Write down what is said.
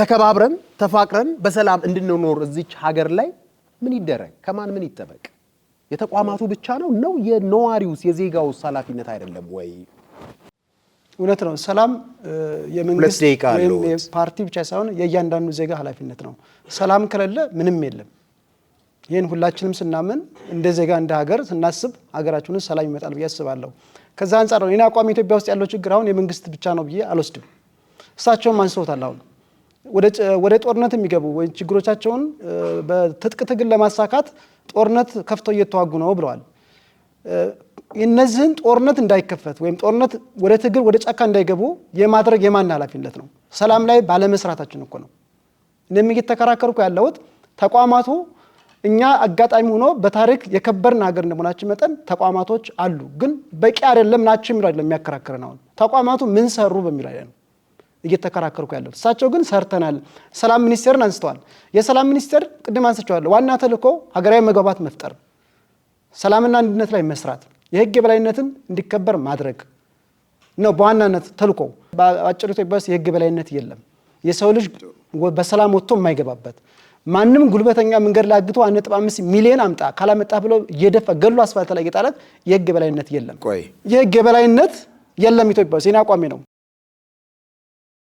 ተከባብረን ተፋቅረን በሰላም እንድንኖር እዚች ሀገር ላይ ምን ይደረግ? ከማን ምን ይጠበቅ? የተቋማቱ ብቻ ነው ነው? የነዋሪውስ የዜጋውስ ኃላፊነት አይደለም ወይ? እውነት ነው። ሰላም የመንግስት ብቻ ሳይሆን የእያንዳንዱ ዜጋ ኃላፊነት ነው። ሰላም ከሌለ ምንም የለም። ይህን ሁላችንም ስናምን እንደ ዜጋ እንደ ሀገር ስናስብ ሀገራችንን ሰላም ይመጣል ብዬ አስባለሁ። ከዛ አንጻር ነው የኔ አቋም ኢትዮጵያ ውስጥ ያለው ችግር አሁን የመንግስት ብቻ ነው ብዬ አልወስድም። እሳቸውም አንስተውታል አሁን ወደ ጦርነት የሚገቡ ወይ ችግሮቻቸውን በትጥቅ ትግል ለማሳካት ጦርነት ከፍተው እየተዋጉ ነው ብለዋል። እነዚህን ጦርነት እንዳይከፈት ወይም ጦርነት ወደ ትግል ወደ ጫካ እንዳይገቡ የማድረግ የማን ኃላፊነት ነው? ሰላም ላይ ባለመስራታችን እኮ ነው። እኔም እየተከራከርኩ ያለሁት ተቋማቱ እኛ አጋጣሚ ሆኖ በታሪክ የከበርን ሀገር እንደመሆናችን መጠን ተቋማቶች አሉ፣ ግን በቂ አይደለም ናቸው የሚለው አይደለም የሚያከራክረን። አሁን ተቋማቱ ምን ሰሩ በሚል ነው እየተከራከርኩ ያለው። እሳቸው ግን ሰርተናል። ሰላም ሚኒስቴርን አንስተዋል። የሰላም ሚኒስቴር ቅድም አንስቸዋለሁ። ዋና ተልእኮ ሀገራዊ መግባባት መፍጠር፣ ሰላምና አንድነት ላይ መስራት፣ የህግ የበላይነትን እንዲከበር ማድረግ ነው በዋናነት ተልእኮ። በአጭር ኢትዮጵያ ውስጥ የህግ የበላይነት የለም። የሰው ልጅ በሰላም ወጥቶ የማይገባበት ማንም ጉልበተኛ መንገድ ላይ አግቶ አንድ ነጥብ አምስት ሚሊዮን አምጣ ካላመጣ ብሎ እየደፋ ገሎ አስፋልት ላይ የጣላት የህግ የበላይነት የለም። የህግ የበላይነት የለም ኢትዮጵያ ውስጥ የኔ አቋሜ ነው።